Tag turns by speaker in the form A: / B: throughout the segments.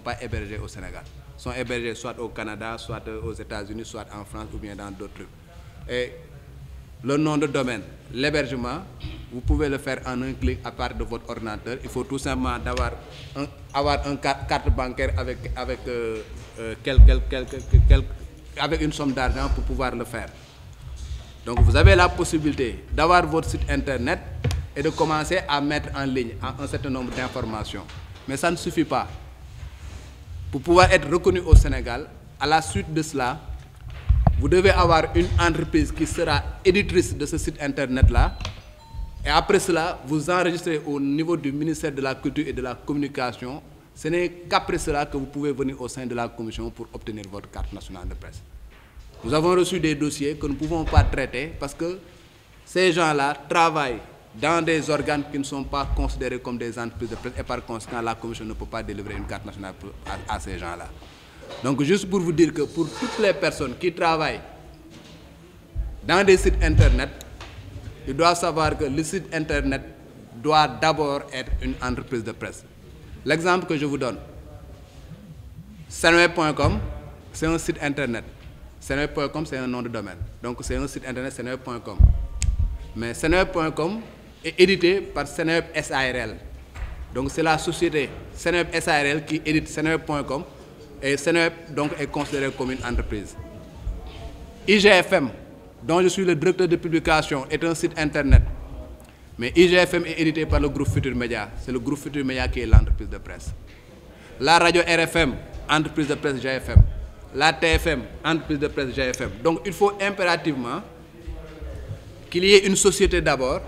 A: sont pas hébergés au Sénégal sont hébergés soit au Canada soit aux États-Unis soit en France ou bien dans d'autres trucs et le nom de domaine l'hébergement vous pouvez le faire en un clic à part de votre ordinateur il faut tout simplement d'avoir un avoir un bancaire avec avec euh, euh, quelque quelque quelque avec une somme d'argent pour pouvoir le faire donc vous avez la possibilité d'avoir votre site internet et de commencer à mettre en ligne un certain nombre d'informations mais ça ne suffit pas pour pouvoir être reconnu au Sénégal, à la suite de cela, vous devez avoir une entreprise qui sera éditrice de ce site internet-là. Et après cela, vous enregistrez au niveau du ministère de la Culture et de la Communication. Ce n'est qu'après cela que vous pouvez venir au sein de la commission pour obtenir votre carte nationale de presse. Nous avons reçu des dossiers que nous ne pouvons pas traiter parce que ces gens-là travaillent dans des organes qui ne sont pas considérés comme des entreprises de presse et par conséquent la commission ne peut pas délivrer une carte nationale à, à ces gens-là. Donc juste pour vous dire que pour toutes les personnes qui travaillent dans des sites internet, ils doivent savoir que le site internet doit d'abord être une entreprise de presse. L'exemple que je vous donne, senweb.com, c'est un site internet. senweb.com, c'est un nom de domaine. Donc c'est un site internet senweb.com. Mais est édité par Seneweb SARL. Donc c'est la société Seneweb SARL qui édite seneweb.com et Seneweb donc est considérée commune entreprise. IGFM, dont je suis le directeur de publication, est un site internet. Mais IGFM est édité par le groupe Futur Média. C'est le groupe Futur Média qui est l'entreprise de presse. La radio RFM, entreprise de presse GFM. La TFM, entreprise de presse GFM. Donc il faut impérativement qu'il y une société d'abord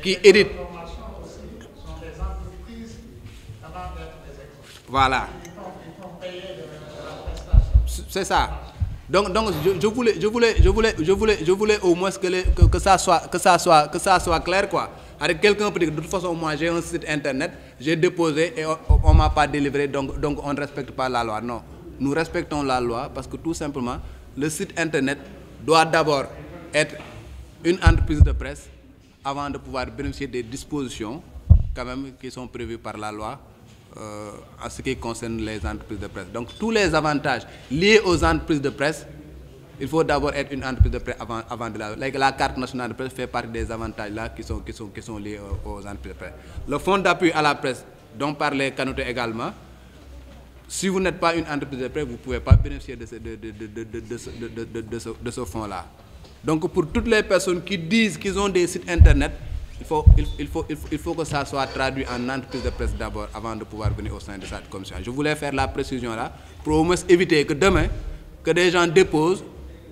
A: qui héritent. Voilà. C'est ça. Donc donc je, je voulais je voulais je voulais je voulais je voulais au moins que les, que, que ça soit que ça soit que ça soit clair quoi. quelqu'un peut dire façon moi j'ai un site internet, j'ai déposé et on, pas délivré donc donc on ne respecte pas la loi. Non. Nous respectons la loi parce que tout simplement le site internet doit d'abord être une entreprise de presse avant de pouvoir bénéficier des dispositions quand même qui sont prévues par la loi euh, en ce qui concerne les entreprises de presse. Donc tous les avantages liés aux entreprises de presse, il faut d'abord être une entreprise de presse avant, avant de la... La carte nationale de presse fait partie des avantages là qui sont, liés euh, aux, entreprises de presse. Le fonds d'appui à la presse dont parlait Canute également, si vous n'êtes pas une entreprise de presse, vous ne donc pour toutes les personnes qui disent qu'ils ont des sites internet il faut il, il faut il faut que ça soit traduit en entreprise de presse d'abord avant de pouvoir venir au sein de cette commission je voulais faire la précision là pour au moins éviter que demain que des gens déposent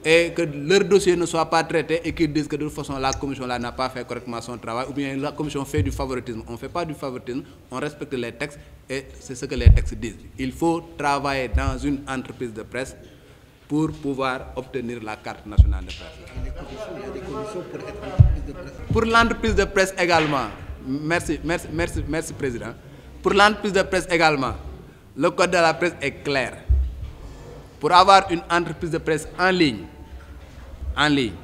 A: et que leur dossier ne soit pas traité et qu'ils disent que de toute façon la commission là n'a pas fait correctement son travail ou bien la commission fait du favoritisme une entreprise de presse pour pouvoir obtenir la carte nationale de presse. Pour l'entreprise de presse également, merci, merci, merci, merci Président. Pour l'entreprise de presse également, le code de la presse est claire Pour avoir une entreprise de presse en ligne, en ligne,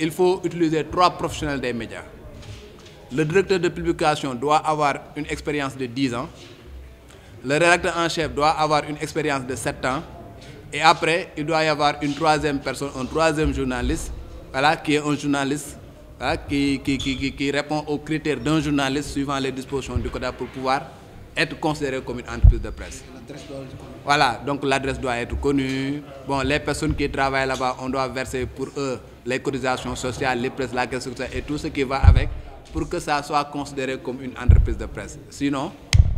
A: il faut utiliser trois professionnels des médias. Le directeur de publication doit avoir une expérience de 10 ans. Le rédacteur en chef doit avoir une expérience de 7 ans Et après, il doit y avoir une troisième personne, un troisième journaliste, voilà, qui est un journaliste voilà, qui, qui, qui, qui répond aux critères d'un journaliste suivant les dispositions du Code pour pouvoir être considéré comme une entreprise de presse. Voilà, donc l'adresse doit être connue. Bon, les personnes qui travaillent là-bas, on doit verser pour eux les cotisations sociales, les presses, la caisse et tout ce qui va avec pour que ça soit considéré comme une entreprise de presse. Sinon,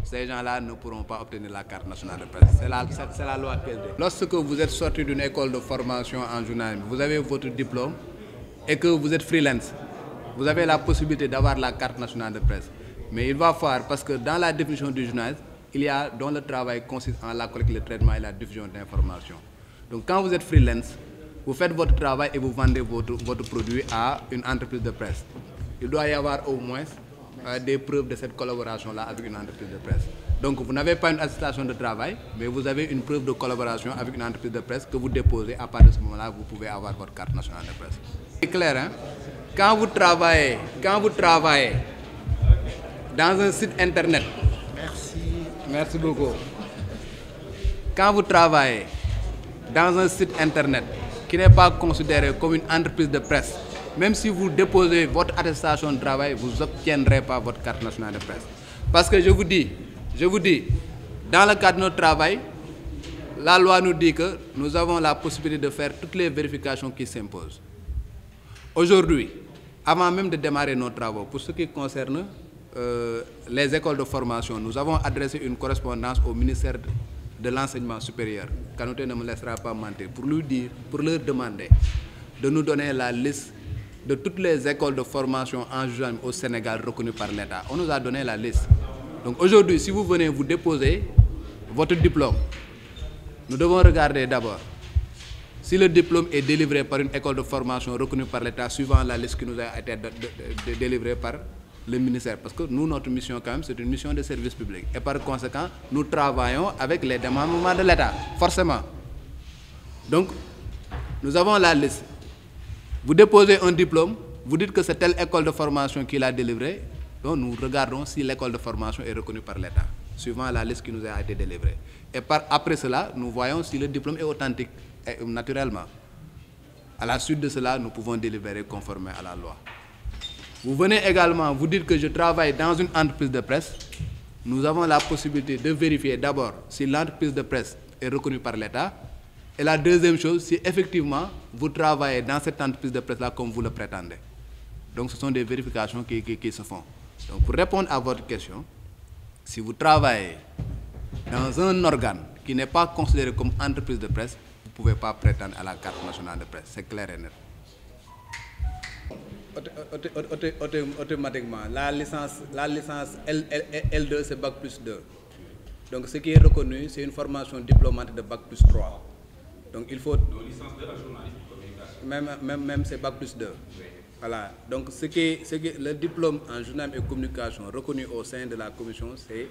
A: ces gens-là ne pourront pas obtenir la carte nationale de presse. C'est la, c'est la loi PSD. Lorsque vous êtes sorti d'une école de formation en journalisme, vous avez votre diplôme et vous êtes freelance, vous avez la possibilité d'avoir la carte nationale de presse. Mais il va falloir, parce que dans la définition du journalisme, il y a, dont le travail consiste en la collecte, le traitement et la diffusion d'informations. Donc quand vous êtes freelance, vous faites à une entreprise de presse. euh, des preuves de cette collaboration-là avec une entreprise de presse. Donc vous n'avez pas une attestation de travail, mais vous avez une preuve de collaboration avec une entreprise de presse que vous déposez. À partir de ce là vous pouvez avoir votre carte nationale de presse. C'est clair, Quand vous travaillez, internet. Merci. Merci beaucoup. Quand vous travaillez dans un site internet qui n'est pas considéré comme une entreprise de presse, même si vous déposez votre attestation de travail vous obtiendrez pas votre carte nationale de presse parce que je vous dis je vous dis dans le cadre de notre travail la loi nous dit que nous avons la possibilité de faire toutes les vérifications qui s'imposent aujourd'hui avant même de démarrer nos travaux pour ce qui concerne euh, les écoles de formation nous avons adressé une correspondance au ministère de l'enseignement supérieur Kanouté ne me laissera pour lui dire pour leur demander de toutes les écoles de formation en judaïsme au Sénégal reconnues par l'État. On nous a donné la liste. Donc aujourd'hui, si vous venez vous déposer votre diplôme, nous devons regarder d'abord si le diplôme est délivré par une école de formation reconnue par l'État suivant la liste qui nous a été délivrée par le ministère. Parce que nous, notre mission quand même, c'est une mission de service public. Et par conséquent, nous travaillons avec les demandes de l'État, forcément. Donc, nous avons Vous déposez un diplôme, vous dites que c'est telle école de formation qui l'a délivré, donc nous regardons si l'école de formation est reconnue par l'État, suivant la liste qui nous a été délivrée. Et par, après cela, nous voyons si le diplôme est authentique, euh, naturellement. À la suite de cela, nous pouvons délibérer conformément à la loi. Vous venez également, vous dites que je travaille dans une entreprise de presse. Nous avons la possibilité de vérifier d'abord si l'entreprise de presse est reconnue Et la deuxième chose, si effectivement vous travaillez dans cette entreprise de presse-là comme vous le prétendez. Donc ce sont des vérifications qui, qui, qui se font. Donc pour répondre à votre question, si vous travaillez dans un organe qui n'est pas considéré comme entreprise de presse, vous ne pouvez pas prétendre à la carte nationale de presse. C'est clair et net. Automatiquement, la licence, la licence L, L2, c'est Bac plus 2. Donc ce qui est reconnu, c'est une formation diplômante de Bac donc il faut. Donc, licence même même même c'est bac plus 2. Oui. voilà donc ce qui ce qui est, le diplôme en journalisme et communication reconnu au sein de la commission c'est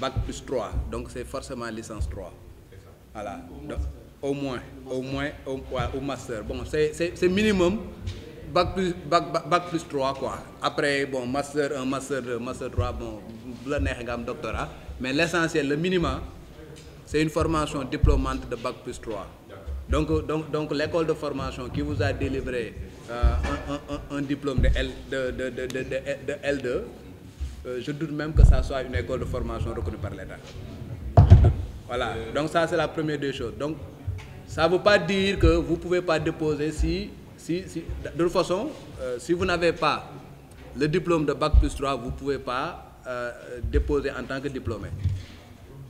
A: bac plus 3 donc c'est forcément licence trois C'est ça. au moins au moins au, ouais, au master bon c'est c'est c'est minimum. bac plus bac bac plus 3 quoi après bon master 1 master 2 master 3 bon bu la nga am doctorat mais l'essentiel le minimum c'est une formation diplômante de bac plus 3 donc donc donc l'école de formation qui vous a délivré euh, un, un, un, un diplôme de L de de de de, de L2 euh, je doute même que ça soit une école de formation reconnue par l'État voilà donc ça c'est la première des choses donc ça veut pas dire que vous pouvez pas déposer si si si de toute façon euh, si vous n'avez pas le diplôme de bac plus 3 vous pouvez pas euh, déposer en tant que diplômé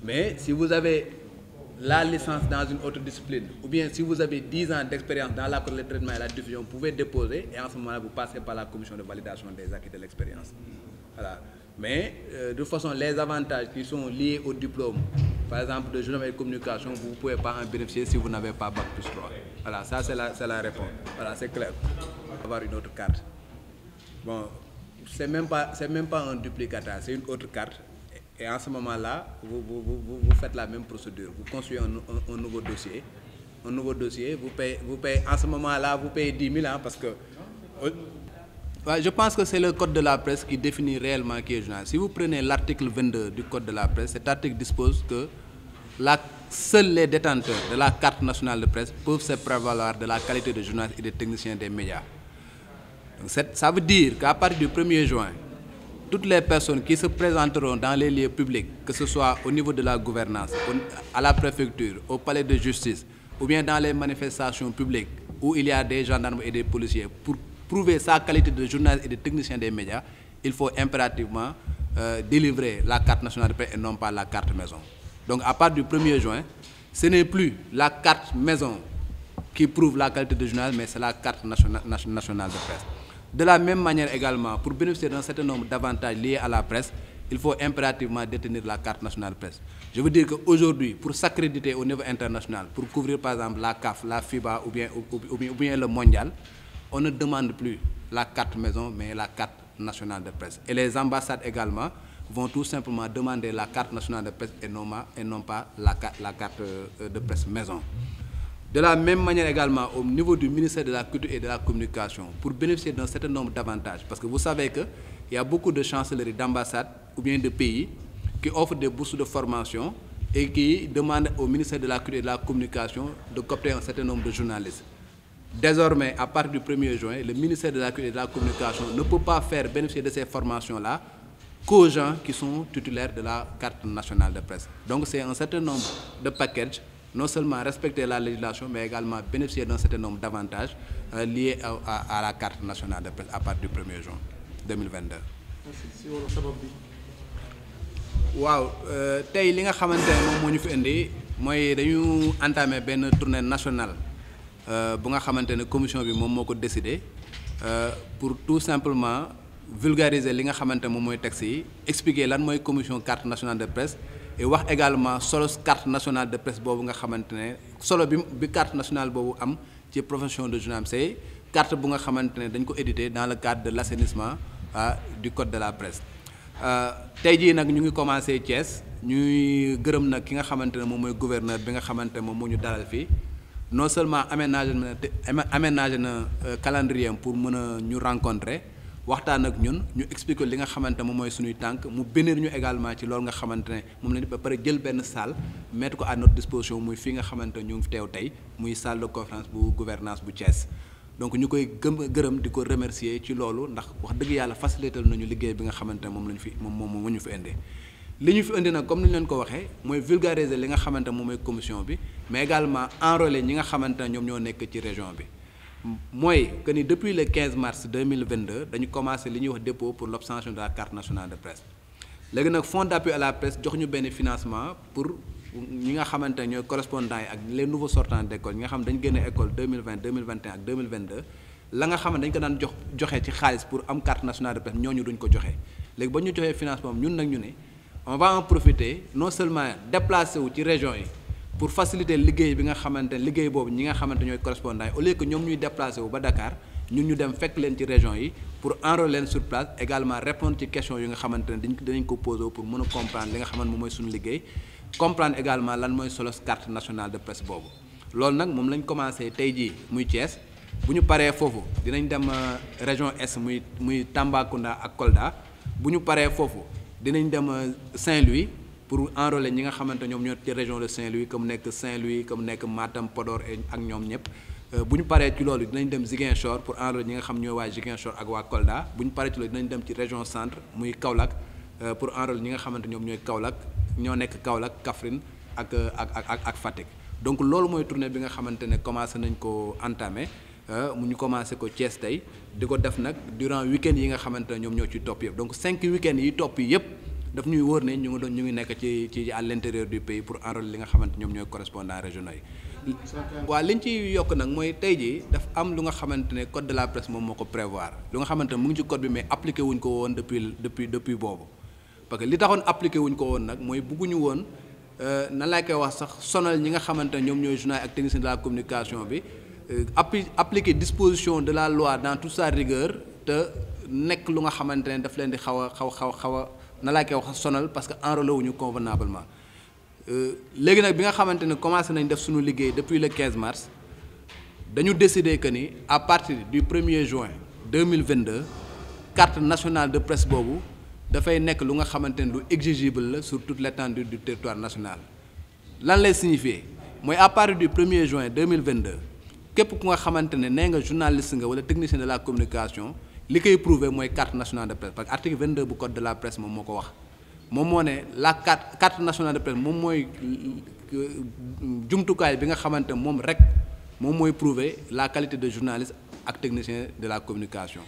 A: Mais si vous avez la licence dans une autre discipline, ou bien si vous avez 10 ans d'expérience dans la de traitement et la diffusion, vous pouvez déposer et en ce moment-là, vous passez par la commission de validation des acquis de l'expérience. Mais euh, de toute façon, les avantages qui sont liés au diplôme, par exemple de journalisme et de communication, vous ne pouvez pas en bénéficier si vous n'avez pas Bac plus Voilà, c'est la, la réponse. Voilà, c'est clair. Avoir une autre carte. Bon, c'est même pas un duplicata, c'est Et en ce moment la même procédure. Vous construisez un, un, un, nouveau dossier. Un nouveau dossier, vous payez, vous parce que... Euh, ouais, je pense que c'est le code de la presse qui définit réellement qui est journaliste. Si vous prenez de la presse, cet article dispose que la, seuls les détenteurs de la carte nationale de presse peuvent de la qualité de journaliste et des des médias. Donc ça veut dire juin, toutes les personnes qui se présenteront dans les lieux publics, que ce soit au niveau de la gouvernance, à la préfecture, au palais de justice, ou bien dans les manifestations publiques où il y a des gendarmes et des policiers, pour prouver sa qualité de journaliste et de technicien des médias, il faut impérativement euh, délivrer la carte nationale de paix et non pas la carte maison. Donc à part du 1er juin, ce n'est plus la carte maison qui prouve la qualité de journaliste, mais c'est la carte nationale, nationale de de la même manière également pour bénéficier d'un certain nombre d'avantages liés à la presse il faut impérativement détenir la carte nationale presse je veux dire que aujourd'hui pour s'accréditer au niveau international pour couvrir par exemple la CAF la FIBA ou bien ou bien, ou bien on ne demande plus la carte maison mais la carte nationale de presse et les ambassades également vont tout simplement demander la carte nationale de presse et non, De la même manière également au niveau du ministère de la Culture et de la Communication pour bénéficier d'un certain nombre d'avantages parce que vous savez que il y a beaucoup de chancelleries d'ambassades ou bien de pays qui offrent des bourses de formation et qui demandent au ministère de la Culture et de la Communication de coopter un certain nombre de journalistes. Désormais, à partir du 1er juin, le ministère de la Culture et de la Communication ne peut pas faire bénéficier de ces formations-là qu'aux gens qui sont titulaires de la non seulement respecter la législation, mais également bénéficier d'un certain nombre d'avantages euh, liés à, à, à, la carte nationale de presse à waaw euh, tey li nga xamante ne moom moo ñu fi indi mooy dañu entamé benn tournée nationale euh, bu nga xamante ne commission bi moom moo ko décidé euh, pour tout simplement vulgariser li nga xamante moom mooy texte yi expliquer lan mooy commission carte nationale de presse et wax également solo carte nationale de presse boobu nga xamante ne solo bi bi carte nationale boobu am ci profession de journaliste yi carte bu nga xamante ne dañ ko édité dans le cadre de l' assainissement ah, du code de la presse euh, tey jii nag ñu ngi commencé Thiès ñuy gërëm nag ki nga xamante ne moom mooy gouverneur bi nga xamante ne moom mooñu ñu dalal fii non seulement aménagé na aménagé na euh, calendrier pour mën a ñu rencontrer waxtaan ak ñun ñu expliquer li nga xamante moom mooy suñuy tànk mu bénér ñu également ci loolu nga xamante ne moom la ba pare jël benn salle mettre ko à notre disposition muy fi nga xamante ñu ngi fi teew tey muy salle de conférence bu gouvernance bu Thiès donc ñu koy gëm gërëm di ko remercier ci loolu ndax wax dëgg yàlla facilital nañu liggéey bi nga xamante ne moom lañu fi moom moom moo ñu fi indee li ñu fi indi nag comme ni ñu leen ko waxee mooy vulgariser li nga xamante moom mooy commission bi mais également enrôler ñi nga xamante ne ñoom ñoo nekk ci région bi mooy que ni depuis le 15 mars 2022 dañu commencé li ñu wax dépôt pour l'obtention de la carte nationale de presse léegi nag fonds d'appui à la presse jox ñu benn financement pour ñi nga xamante ne ñooy correspondants yi ak les nouveaux sortants d'école ñi nga xam dañu génne école 2020 2021 ak 2022 la nga xam ne dañu ko daan jox joxe ci xaalis pour am carte nationale de presse ñooñu duñ ko joxe léegi ba ñu joxee financement ñun nag ñu ne on va en profiter non seulement déplacé wu ci région yi. pour faciliter liggéey bi nga xamante ne liggéey boobu ñi nga xamante ñooy correspondant yi au lieu que ñoom ñuy déplacé wu ba Dakar ñun ñu dem fekk leen ci région yi pour enrôler leen sur place également répondre ci question yi nga xamante ne dañ dinañ ko posé pour mën a comprendre li nga xamante moom mooy suñu liggéey comprendre également lan mooy solo carte nationale de presse boobu loolu nag moom lañ commencé tey jii muy Thiès bu ñu paree foofu dinañ dem euh, région est muy muy Tambacounda ak Kolda bu ñu paree foofu dinañ dem euh, Saint-Louis pour enrôler ñi nga xamante ñoom ñoo ci région de Saint-Louis comme nekk Saint-Louis comme nekk Matam Podor ak ñoom ñëpp euh, bu ñu paree ci loolu dinañ dem Ziguinchor pour enrôler ñi nga xam ñooy waa Ziguinchor ak waa Kolda ñu paree ci loolu dinañ dem ci région centre muy Kaolack euh, pour enrôler ñi nga xamante ñoom ñooy Kaolack ñoo nekk Kaolack Kaffrine euh, ak ak ak ak Fatick donc loolu mooy tournée bi nga xamante ne commencé nañ ko entamé mu ñu commencé ko Thiès tey di ko def nag durant week yi nga xamante ne ñoom ñoo ciy topp yëpp donc cinq week-end yi topp yëpp. daf ñuy wóor ne ñu ngi nekk ci ci à l'intérieur du pays pour enrôler li nga xamante ñoom ñooy correspondants régionnaux yi waaw liñ ci yokk nag mooy tey jii daf am lu nga xamante ne code de la presse moom moo ko prévoir lu nga xamante ne mu ngi ci code bi mais appliqué wuñ ko woon depuis depuis depuis boobu parce que li taxoon appliqué wuñ ko woon nag mooy bugguñu woon euh, na laa koy wax sax sonal ñi nga xamante ne ñoom ñooy journal ak technicien de la communication bi euh, appli appliquer disposition de la loi dans toute sa rigueur nekk lu nga xamante ne daf leen di xaw a xaw xaw xaw a na laa koy wax sonal parce que enrôlé wuñu convenablement euh, léegi nag bi nga xamante ne commencé nañ def suñu liggéey depuis le 15 mars dañu décider que ni à partir du 1er juin 2022 carte nationale de presse boobu dafay nekk lu nga xamante ne lu exigible la sur toute l'étendue du territoire national lan lay signifier mooy à partir du 1er juin 2022 képp ku nga xamante ne nee nga journaliste nga wala technicien de la communication li koy prouver mooy carte nationale de presse parce que article 22 bu code de la presse moom moo ko wax moom moo ne la carte carte nationale de presse moom mooy euh, jumtukaay bi nga xamante moom rek moom mooy prouver la qualité de journaliste ak technicien de la communication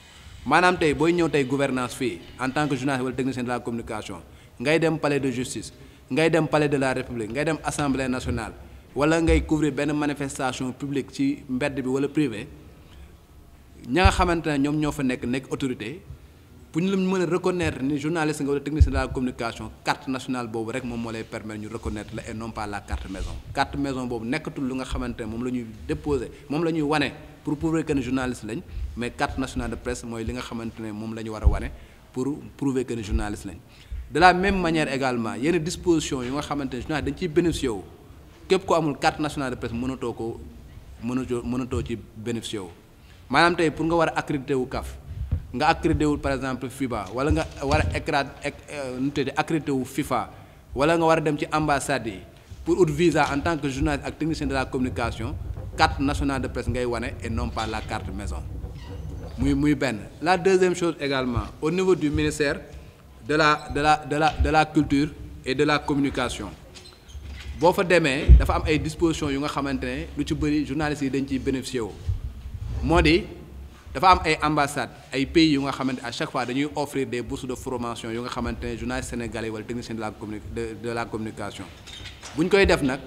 A: maanaam tey booy ñëw tey gouvernance fii en tant que journaliste wala technicien de la communication ngay dem palais de justice ngay dem palais de la république ngay dem assemblée nationale wala ngay couvrir benn manifestation publique ci mbedd bi wala privé ña nga xamante ne ñoom ñoo fa nekk nekk autorité pour ñu la mën a reconnaître ni journaliste nga wala technicien de la communication carte nationale moo lay permettre ñu reconnaître la et non pas la carte maison carte nga xamante ne moom la ñuy moom la ñuy wane pour prouver que ne journaliste lañ mais carte nationale de presse mooy li nga xamante ne moom la ñu war a wane pour prouver que ne journaliste lañ de la même manière également yenn disposition yu nga xamante ne journaliste dañ ciy bénéficié wu képp ko amul carte nationale de presse mënatoo ko mënatoo mënatoo ci bénéficié wu maanaam tey pour nga war a accrédité wu CAF nga accrédité wu par exemple FIBA wala nga war a écrat euh, nu tuddee accrédité wu FIFA wala nga war a dem ci ambassade yi pour ut visa en tant que journaliste ak technicien de la communication carte nationale de presse ngay wane et non pas la carte maison muy muy benn la deuxième chose également au niveau du ministère de la de la de la de la culture et de la communication boo fa demee dafa am ay dispositions yu nga xamante ne lu ci bëri journalistes yi dañ ciy bénéficier wu moo de dafa am ay ambassades ay pays yu nga xamante à chaque fois dañuy offrir des bourses de formation yu nga xamante ne journaliste sénégalais wala technicien de la communi de, communication bu ñu koy def nag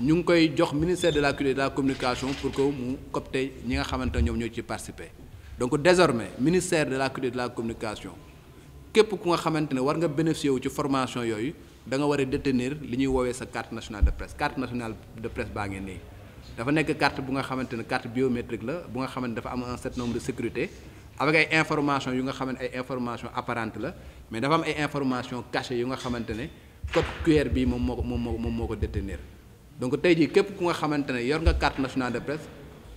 A: ñu ngi koy jox ministère de la culture et communication pour que mu copte ñi nga xamante ne ñoom ñoo ci participer donc désormais ministère de la culture la communication képp ku nga xamante ne war nga bénéficier wu ci formation yooyu da nga war a li ñuy woowee sa carte nationale de presse carte nationale de presse dafa nekk carte bu nga xamante ne carte biométrique la bu nga xamante dafa am un certain nombre de sécurité avec ay information yu nga xamante ay information apparente la mais dafa am ay information cachée yu nga xamante ne code QR bi moom moo ko moom moo moom moo ko détenir donc tey jii képp ku nga xamante ne yor nga carte nationale de presse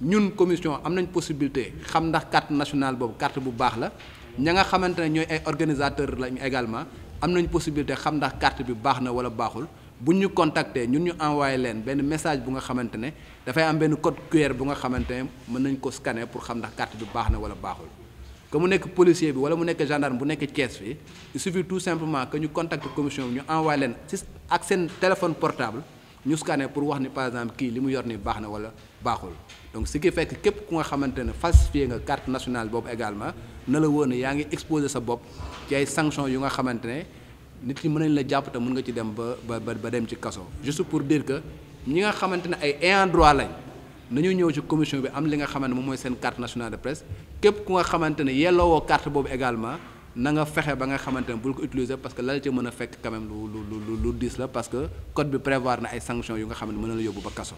A: ñun commission am nañ possibilité xam ndax carte nationale boobu carte bu baax la ña nga xamante ne ñooy ay organisateurs lañ également am nañ possibilité xam ndax carte bi baax na wala baaxul bu ñu contacter ñun ñu envoyé leen benn message bu nga xamante ne dafay am benn code QR bu nga xamante ne mën nañ ko scanner pour xam ndax carte bi baax na wala baaxul que mu nekk policier bi wala mu nekk gendarme bu nekk Thiès fii il suffit tout simplement que ñu contacter commission bi ñu envoyé leen si ak seen téléphone portable ñu scanner pour wax ni par exemple kii li mu yor ni baax na wala baaxul donc ce qui fait képp ku nga xamante ne falsifié nga carte nationale boobu également na la wóor ne yaa ngi exposé sa bopp ci ay sanctions yu nga xamante ne nit ki mën nañ la jàpp te mun nga ci dem ba ba ba dem ci kaso juste pour dire que ñi nga xamante ne ay ayants droit lañ nañu ñëw ci commission bi am li nga xamante ne moom mooy seen carte nationale de presse képp ku nga xamante ne yelloowoo carte boobu également na nga fexe ba nga xamante ne bul ko utiliser parce que lal ci mën a fekk quand même lu lu lu lu diis la parce que code bi prévoir na ay sanctions yu nga xam ne mën na la yóbbu ba kaso.